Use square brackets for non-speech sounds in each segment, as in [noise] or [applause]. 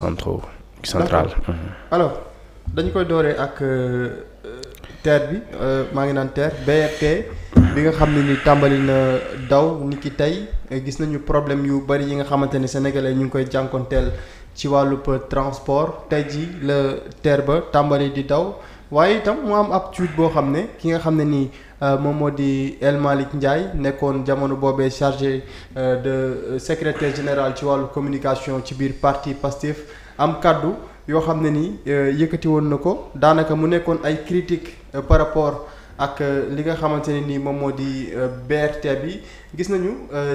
centraux mhm. alors dañu koy dooree ak euh, euh, TER bi euh, maa ngi naan TER BRT bi nga xam ne ni tàmbali na daw ni ki tey gis nañu problème yu bari yi nga xamante ne sénégalais ñu ngi koy jànkoonteel ci wàllub transport tey ji la TER ba tàmbali di daw. waaye itam mu am ab tweet boo xam ne ki nga xam ne nii euh, moom moo di El Malick Ndiaye nekkoon jamono boobee chargé euh, de euh, secretaire général ci wàllu communication ci biir parti Pastef am kàddu yoo xam ne nii yëkkati woon na ko daanaka mu nekkoon ay critique par rapport ak li nga xamante ne nii moom moo di BRT bi gis nañu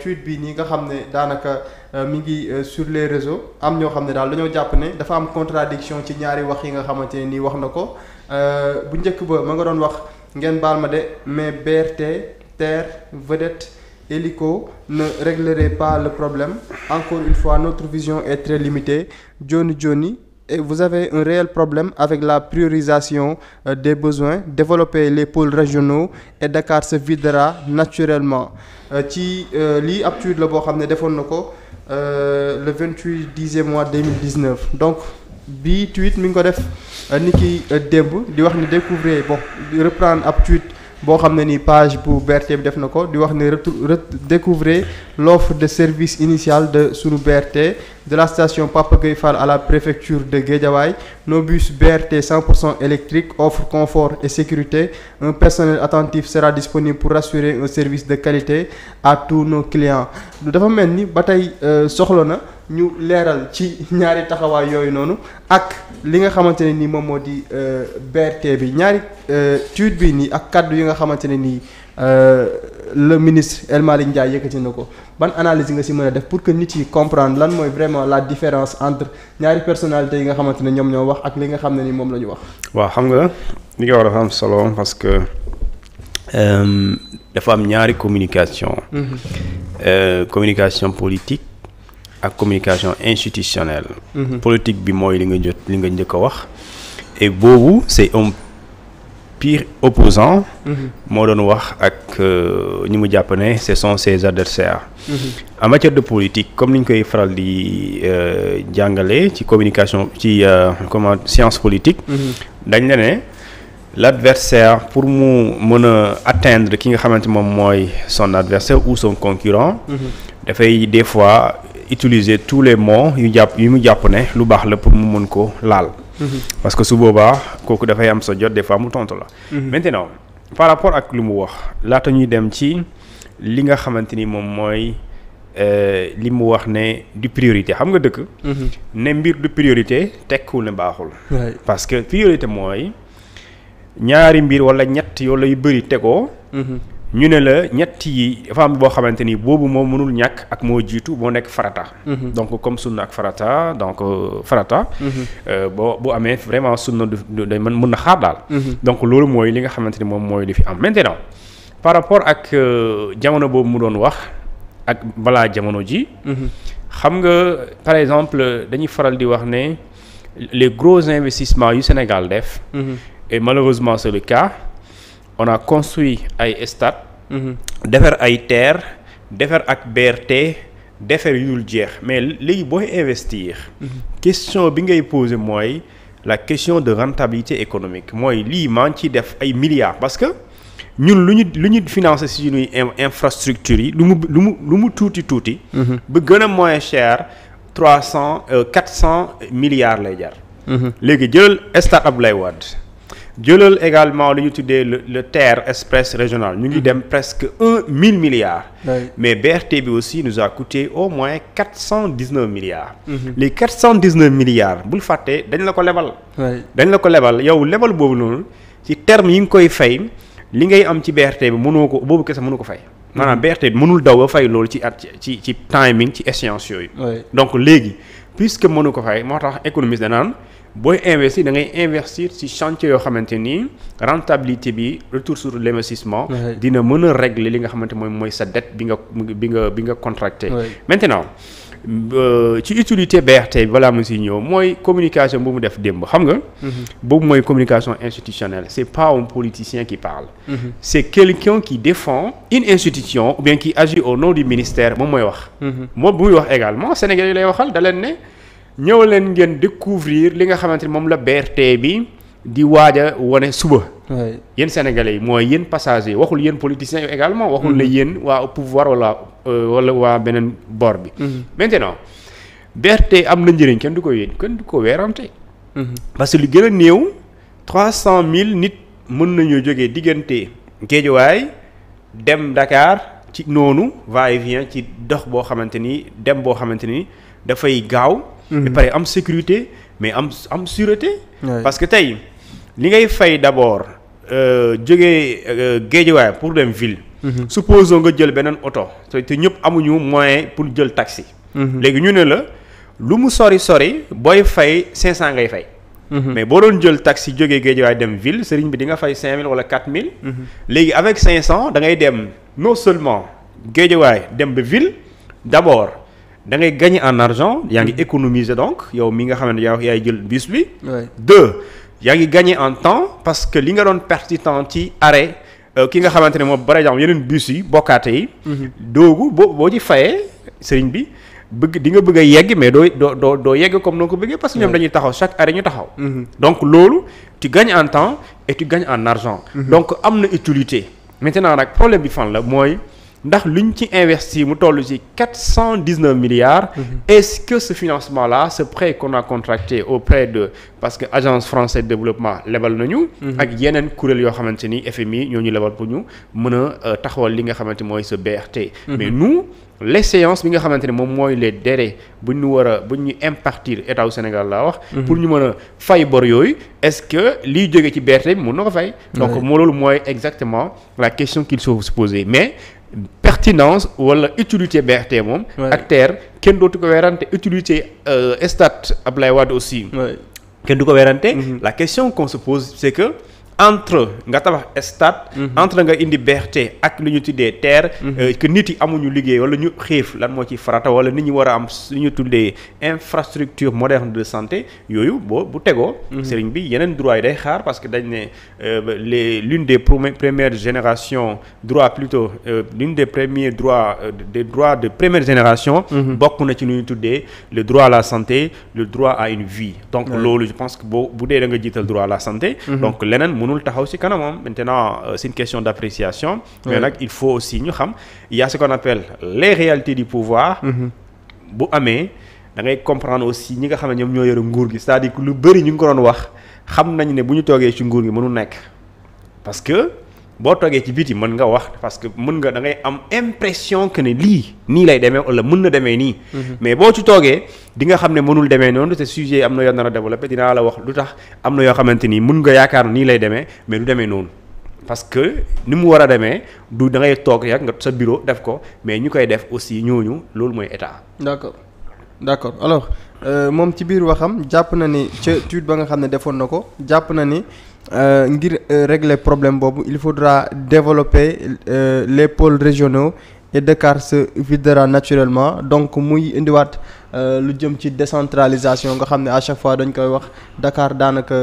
tweet bii nii nga xam ne daanaka mi ngi sur les réseaux am ñoo xam ne daal dañoo jàpp ne dafa am contradiction ci ñaari wax yi nga xamante ne nii wax na ko Euh, bu njëkk ba ma nga doon wax ngeen baal ma de mais BRT terre vedette hélico ne réglerait pas le problème encore une fois notre vision est très limitée Johnny Johnny et vous avez un réel problème avec la priorisation euh, des besoins développer les pôles régionaux et Dakar se videra naturellement euh, ci lii ab tweet la boo xam ne defoon na ko le 28 10 mois 2019 donc bii tweet mi ngi ko def Euh, ni ki euh, démb di wax ni découvrir bon reprendre ab tweet boo xam ne ni page bu BRT bi def na ko di wax ne découvrer loof de service initial de sunu BRT de la station Papa Gueye Fall à la préfecture de Guédiawaye nos bus BRT 100% électriques offrent confort et sécurité un personnel attentif sera disponible pour assurer un service de qualité à tout no clients dafa mel ni ba tey euh, soxla na ñu leeral ci ñaari taxawaay yooyu noonu ak li nga xamante ne ni moom moo di euh, BRT bi ñaari euh, tuuti bi nii ak kaddu yi nga xamante ne nii le ministre El Malick Ndiaye yëkkati na ko ban analyse nga si mën a def pour que nit yi comprendre lan mooy vraiment justement la différence entre ñaari personnalité yi nga xamante ne ñoom ñoo wax ak li nga xam ne ni moom la ñu wax. waaw xam nga li nga wax solo parce que euh, dafa am ñaari communication. Mm-hmm. Euh, communication politique ak communication institutionnelle. Mm-hmm. politique bi mooy li nga jot li nga njëkk a wax et boobu c'est un pire opposant mhm. moo doon wax ak euh, ñi mu jàpp ne ce son ses adversaires mhm. en matière de politique comme ni ñu koy faral di euh, jàngale ci communication ci euh, comment science politique mhm. dañ la ne l'adversaire pour mu mën a atteindre ki nga xamante moom mooy son adversaire ou son concurrent dafay des fois utiliser tous les mots yu jàpp yu mu jàpp ne lu baax la pour mu mën ko laal Mhm. parce que su boobaa kooku dafay am sa jot des fois mu tontu la. Mhm. maintenant par rapport ak lu mu wax laata ñuy dem ci li nga xamante ni moom mooy euh, li mu wax ne du priorité xam nga dëkk. Mhm. ne mbir du priorité tekkiwul ne baaxul. parce que priorité mooy ñaari mbir wala ñett yoo lay bëri tegoo. ñu ne la ñett yi dafa am boo xamante ni boobu moo mënul ñàkk ak moo jiitu moo nekk farata. Mhm. donc comme sunna ak farata donc euh, farata. Mhm. Euh, boo bu amee vraiment sunna du day mën mën na xaar daal. Mhm. donc loolu mooy li nga xamante ni moom mooy li fi am maintenant par rapport ak euh, jamono boobu mu doon wax ak balaa jamono ji. xam nga par exemple dañuy faral di wax ne les gros investissements yu Sénégal def. et malheureusement c'est on a construit ay stade mhm. defar ay terre defar ak BRT defar yul jeex mais léegi booy investir mhm. question bi ngay poser mooy la question de rentabilité économique mooy lii maa ngi ciy def ay milliards parce que ñun lu ñu lu ñu financé si ñuy infrastructure yi lu mu lu mu lu tuuti tuuti. Mhm. bu gën a moins cher trois cent euh, quatre cent milliards lay jar. léegi jëlal stade Abdoulaye Wade jëlal également lu ñu tuddee le le TER express régional ñu ngi mm. dem presque un mille milliards. mais BRT bi aussi nous a coûté au moins quatre cent dix neuf milliards. Mm cent dix neuf milliards bul fàttee dañ la ko lebal. dañ la ko lebal yow lebal boobu noonu ci terme yi nga koy fay li ngay am ci BRT bi mënoo ko boobu kese mënu ko fay. Mm-hmm. maanaam BRT mënul daw ba fay loolu ci at ci ci timing ci échéance yooyu. donc léegi puisque mënu ko fay moo tax économiste naan booy investir da ngay investir ci chantier yoo xamante ni rentabilité bi retour sur l'investissement dina mën a li nga xamante mooy mooy sa dette bi nga bi nga bi nga contracté maintenant euh, ci utilité BRT bi balaa mu si ñëw mooy communication bu mu def démb xam nga mm-hmm. boobu mooy communication institutionnelle c'est pas un politicien qui parle mm-hmm. c'est quelqu'un qui défend une institution ou bien qui agit au nom du ministère moom mooy wax mm-hmm. moom bu muy wax également ñëw leen ngeen découvrir li nga xamante ni moom la BRT bi di waaj a wane suba. yéen sénégalais yi mooy yéen passagers waxul yéen politiciens yi également. waxul na mhm. yéen waa pouvoir wala euh, wala waa beneen bor bi. Mhm. maintenant BRT am la njëriñ kenn du ko yéen kenn du ko weerante. Mhm. parce que lu gën a néew trois cent mille nit mën nañoo jógee diggante Géejawaay dem ndakaar ci noonu va et ci dox boo xamante ni dem boo xamante ni dafay gaaw. Mm-hmm. ba pare am sécurité mais am am sûreté. parce que tey li ngay fay d' abord euh, jógee euh, géejewaay pour dem ville. Mm-hmm. supposons nga jël beneen oto te ñëpp amuñu moyen pour jël taxi. Mm-hmm. léegi ñu ne la lu mu sori sori booy cinq cent ngay fay. mais boo doon jël taxi jógee géejewaay dem ville sëriñ bi di nga fay mille wala mille léegi avec 500 da ngay dem non seulement géejewaay dem ba ville d' abord. da ngay gagner en argent yaa ngi mm-hmm. économiser donc yow mi nga xam ne yaa yaay jël bus bi. deux yaa ngi gagner en temps parce que li nga doon perte temps ci arrêt. Euh, ki nga xamante ne moom par exemple yeneen bus yi bokkaate yi. Mm-hmm. doogu boo boo ci fayee sëriñ bi bëgg di nga bëgg a yegg mais doo doo doo doo yegg comme noo ko bëggee parce que ñoom dañuy taxaw chaque année ñu taxaw. Mm-hmm. donc loolu ci gagnes en temps et tu en argent. donc am na utilité. maintenant nag problème bi fan la mooy. ndax lu ñu ci investi mu toll ci quatre cent dix neuf milliards. Mhm. est-ce que ce financement là ce prêt qu'on a contracté auprès de parce que agence française de développement lebal nañu. Mhm. ak yeneen kuréel yoo xamante ni FMI ñoo ñu lebal pour ñu mën a euh, taxawal li nga xamante mooy se BRT. Mhm. mais nu les séances bi nga xamante ne moom mooy les délais bu ñu war a bu ñu impartir état wu Sénégal laa wax. pour ñu mën a fay bor yooyu est-ce que liy jóge ci BRT bi mën na ko fay. donc moo loolu mooy exactement la question qu'il faut se poser mais. pertinence wala utilité BRT moom. ak kenn dootu ko weerante utilité euh, ab Abdoulaye Wade aussi. kenn du ko weerante. Mhm. la question qu'on se pose c'est que. entre nga tabax stade. Mhm. entre nga indi BRT ak lu ñu tuddee terre. Mhm. Euh, que nit yi amuñu liggéey wala ñu xiif lan moo ci farata wala nit ñi war a am li ñu tuddee infrastructure moderne de santé yooyu boo bu tegoo. Mhm. sëriñ bi yeneen droit yi day xaar parce que dañ ne euh, les l'une des premières générations droit plutôt euh, l'une des premiers droit des droits de première génération. bokk na ci lu ñu tuddee le droit à la santé le droit à une vie. donc loolu je pense que boo bu dee nga jiital droit la santé. mënul taxaw ci kanamam maintenant euh, c'est une question d'appréciation mais nag il faut aussi ñu xam il y a ce qu'on appelle les réalités du pouvoir mhm. bu amee da ngay comprendre aussi ñi nga xam ne ñoom ñoo yore nguur gi c'est-à-dire lu bëri ñu ngi ko doon wax xam nañ ne bu ñu toogee ci nguur gi mënul nekk parce que boo toogee ci biit yi mën nga wax parce que mën nga dangay am impression que ne lii nii lay demee wala mën na demee nii. Mhm. mais boo ci toogee dinga xam ne mënul demee noonu te sujet am na yoo nar a développé dinaa la wax lu tax am na yoo xamante ni mën nga yaakaar nii lay demee mais du demee noonu. parce que ni mu war a demee du da toog yak nga sa bureau def ko mais ñu koy def aussi ñooñu loolu mooy état. d'accord d'accord alors euh, moom ci biir waxam jàpp na ni ca tuut ba nga xam ne defoon na ko jàpp na ni. Euh, ngir euh, régler problème boobu il faudra développer euh, les pôles régionaux et Dakar se videra naturellement donc muy indiwaat lu jëm ci décentralisation nga xam ne à chaque fois dañ koy wax Dakar daanaka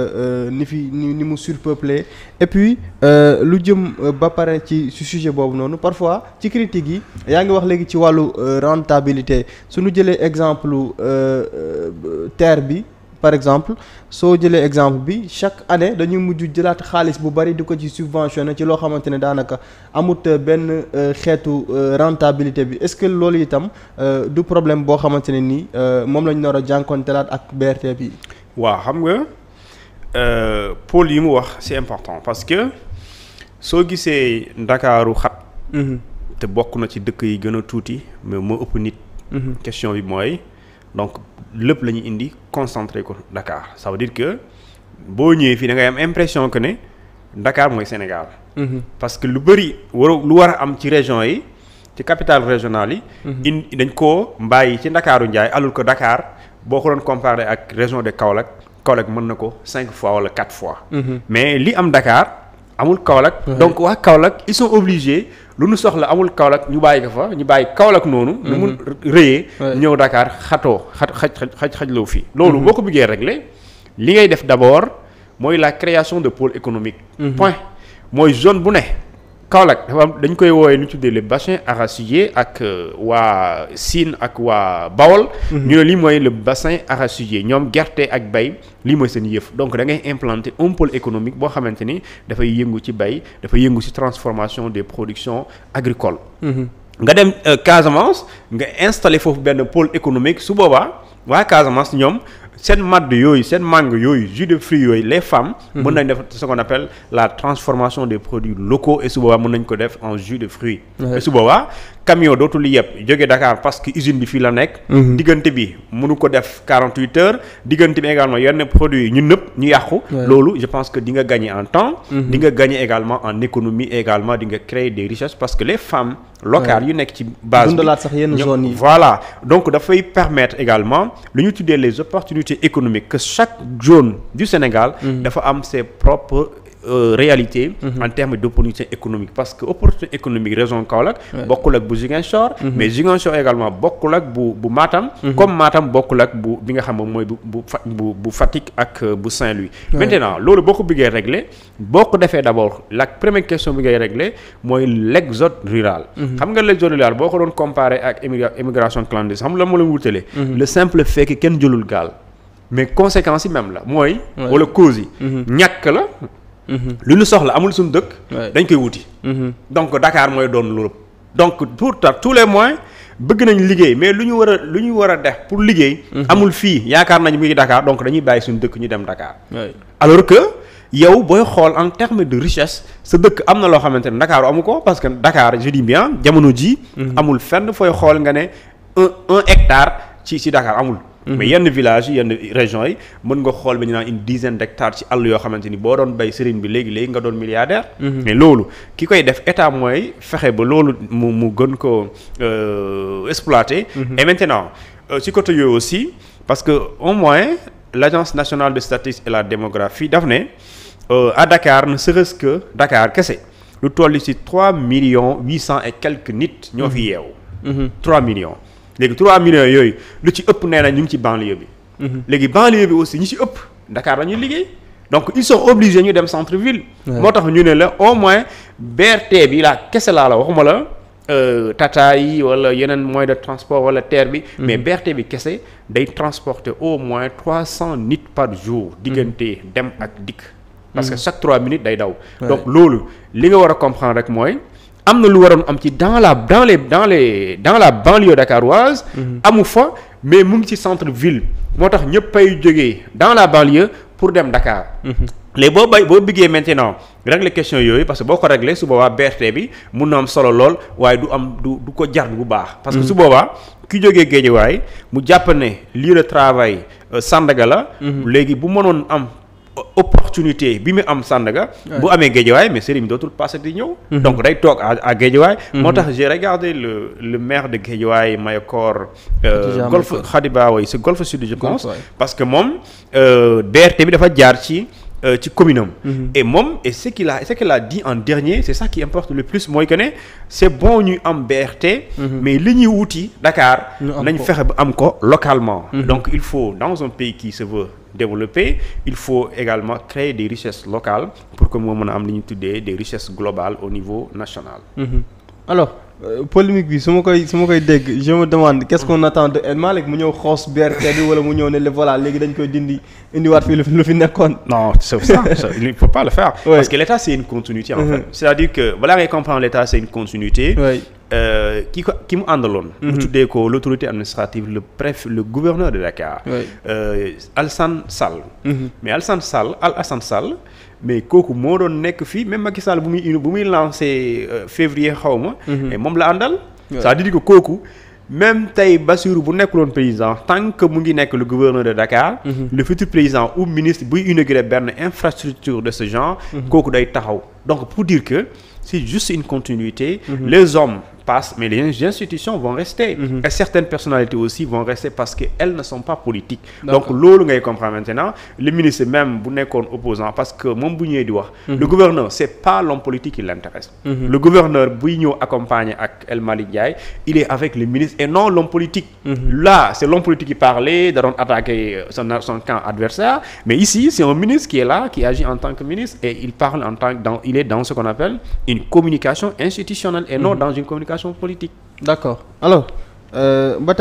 ni fi ni mu surpeuplé et puis lu jëm ba pare ci su sujet boobu noonu parfois ci critiques yi yaa ngi wax léegi ci wàllu rentabilité su nu jëlee exemple terre bi par exemple soo jëlee exemple bi chaque année dañuy mujj jëlaat xaalis bu bari di ko ci subventionné ci loo xamante ne daanaka amut euh, benn euh, xeetu euh, rentabilité bi est-ce que loolu itam du problème boo xamante ne nii moom lañ nar a jànkontelaat ak BRT bi. waaw xam nga pole yi mu wax c'est important parce que soo gisee ndakaaru xat. Mhm. te bokk na ci dëkk yi gën a tuuti mais moo ëpp nit. Mhm. question bi mooy. donc lépp la ñu indi concentré ko Dakar ça veut dire que boo ñëwee fii da ngay am impression que ne ndakaar mooy Sénégal. Mhm. parce que lu bëri war lu war a am ci région yi ci capital régional yi. Mhm. indi dañ koo mbàyyi ci Ndakaaru Njaay alul ko Dakar boo ko doon comparé ak région de Kaolack Kaolack mën na ko cinq fois wala quatre fois. Mhm. mais li am Dakar amul Kaolack. donc waa Kaolack ils sont lu nu soxla amul Kaolack ñu bàyyi ko fa ñu bàyyi Kaolack noonu. lu mm-hmm. mu rëyee. ñëw Dakar xato xat xaj xaj xajloo fii. Mm-hmm. loolu boo ko bëggee régler li ngay def d' abord mooy la création de pôle économique. Mm-hmm. point mooy zone bu ne. Kaolack dafa am dañ koy woowee nu tuddee le bassin arachidier ak euh, waa Sine ak waa Bawol. Mhm. ñu ne lii mooy le bassin arachidier ñoom gerte ak bay lii mooy seen yëf donc da ngay implanter un économique boo xamante ni dafay yëngu ci bay dafay yëngu ci transformation des production agricoles. Mhm. nga dem euh, Casamance nga installer foofu benn pole économique su boobaa waa Casamance ñoom. seen madd yooyu seen mangue yooyu jus de fruits yooyu les femmes. mën nañ def ce qu'on appelle la transformation de produits locaux et su boobaa mën nañ ko def en jus de fruits. et su boobaa camion dootul yëpp jóge Dakar parce que usine bi fii la nekk. Mhm. diggante bi mënu ko def 48 heures diggante bi également yenn produits yi ñu nëpp ñu yàqu. loolu je pense que di nga gagner en temps. Mhm. di nga gagner également en économie également di nga créer des richesses parce que les locales yu nekk ci base bi dundalaat sax yenn zones yi voilà donc dafay permettre également lu ñu tuddee les opportunités économiques que chaque zone du Sénégal mm-hmm. dafa am ses propres euh, réalité mm en termes d'opportunité économique parce que opportunité économique région Kaolack bokkul ak bu Ziguinchor mhm. mais Ziguinchor également bokkul ak bu bu Matam mhm. comme Matam bokkul ak bu bi nga xam moom mooy bu bu bu Fatick ak euh, bu Saint-Louis maintenant loolu boo ko bëggee régler boo ko defee d'abord la première question bi ngay régler mooy l'exode rural mhm. xam nga l'exode rural boo ko doon comparer ak immigration clandestine xam la moo la wutale le simple fait que kenn jëlul gaal mais conséquences même la mooy wala cause yi ñàkk la Mhm. lu ñu soxla amul suñu dëkk. dañ koy wuti. Mhm. donc dakaar mooy doon l'Europe. donc pour tous les moyens bëgg nañ liggéey mais lu ñu war a lu ñu war a pour liggéey. Mhm. amul fii yaakaar nañ mu ngi donc dañuy bàyyi suñu dëkk ñu dem Dakar. alors que yow booy xool en terme de richesse sa dëkk am na loo xamante ne Dakar amu ko parce que Dakar je bien jamono ji amul fenn fooy xool nga ne un un hectare ci ci Dakar amul. Mm-hmm. mais yenn village yenn région yi mën nga xool ba ñu naan une dizaine d'hectares ci àll yoo xamante ni boo doon bay sëriñ bi léegi léegi nga doon milliardaire. Mm-hmm. mais loolu ki koy def état mooy fexe ba loolu mu mu gën ko euh, exploiter. Mm-hmm. et maintenant euh, ci côté yooyu aussi parce que au moins l'agence nationale de statistique et la démographie daf ne euh, à Dakar ne serait que Dakar kese lu toll ci trois millions huit cent et quelques nit. ñoo fi yeew trois millions. léegi 3 millions yooyu lu ci ëpp nee na ñu ngi ci banlieue bi. Mhm. léegi banlieue bi aussi ñi ci ëpp Dakar la ñuy liggéey. donc ils sont obligés ñu dem centre ville. moo tax ñu ne la au moins BRT bi laa kese laa la waxuma la. Euh, tata yi wala yeneen moyen de transport wala terre bi. Mhm. mais BRT bi kese day transporter au moins trois cent nit par jour. Mhm. diggante dem ak dikk. parce que chaque trois minutes day daw. donc loolu li nga war a comprendre rek mooy. am na lu waroon am ci dans la dans les dans les dans la banlieue dakaroise mhm. amu fa mais mu ngi ci centre ville moo tax ñëpp ay jóge dans la banlieue pour dem Dakar mhm. léegi boo bay boo biggee maintenant régler question yooyu parce que boo ko régler su boobaa berte bi mun na am solo lool waaye du am du du ko jar bu baax parce que mhm. su boobaa ki jógee Guédiawaye mu jàpp ne lieu de travail euh, Sandaga la léegi bu mënoon am opportunité bi mu am Sandaga bu amee Guédiawaye mais Serigne dootul passé di ñëw mhm. donc rek toog à Guédiawaye mhm. moo tax j'ai regardé le le maire de Guédiawaye Mayakor euh, Golf Khadiba way si Golf Sud parce que moom BRT euh, bi dafa jaar ci Euh, ci commune mhm. et moom et ce qu'il a ce qu'il a dit en dernier c'est ça qui importe le plus mooy que ne c'est bon ñu am BRT. Mhm. mais li ñuy wuti Dakar. nañ fexe ba am ko localement. Mhm. donc il faut dans un pays qui se veut développé il faut également créer des richesses locales pour que moo mun a am li ñu tuddee des richesses globales au niveau national. Euh, polémique bi su ma koy su ma koy dégg je me demande qu'est-ce qu'on attend de El Malick mu ñëw xoos BRT bi wala mu ñëw ne le voilà léegi dañ koy dindi indiwaat fi lu fi nekkoon. non c'est ça [laughs] il ne faut pas le faire. Oui. parce l'État c'est une continuité en mm-hmm. c'est-à-dire que balaa ngay comprendre l'État c'est une continuité. ki euh, ko ki mu àndaloon. mu mm-hmm. tuddee ko l' autorité administrative le préf le gouverneur de Dakar. Euh, Alassane Sall. Mm-hmm. mais Alassane Sall Al Assane Sall. mais kooku moo doon nekk fii même Macky Sall bu muy bu muy lancé euh, février xawma ma. Mm-hmm. moom la àndal. cest à ko kooku. même tey Bassirou bu nekkuloon président tant que mu ngi nekk le gouverneur de Dakar. le futur président ou ministre buy inaugurer benn infrastructure de ce genre. kooku day taxaw donc pour dire que c'est juste une continuité. les hommes. passent, mais les institutions vont rester. Mm -hmm. Et certaines personnalités vont rester parce qu'elles ne sont pas politiques. donc loolu ngay comprendre maintenant le ministre même bu nekkoon opposant parce que moom bu di wax. Mhm. le gouverneur c'est pas l'homme politique qui l'intéresse. Mhm. le gouverneur buy ñëw accompagner ak mhm. qui parlait da doon attaquer euh, son camp adversaire mais ici c'est un ministre qui est là qui agit en tant que ministre et communication politique. d' accord alors euh, ba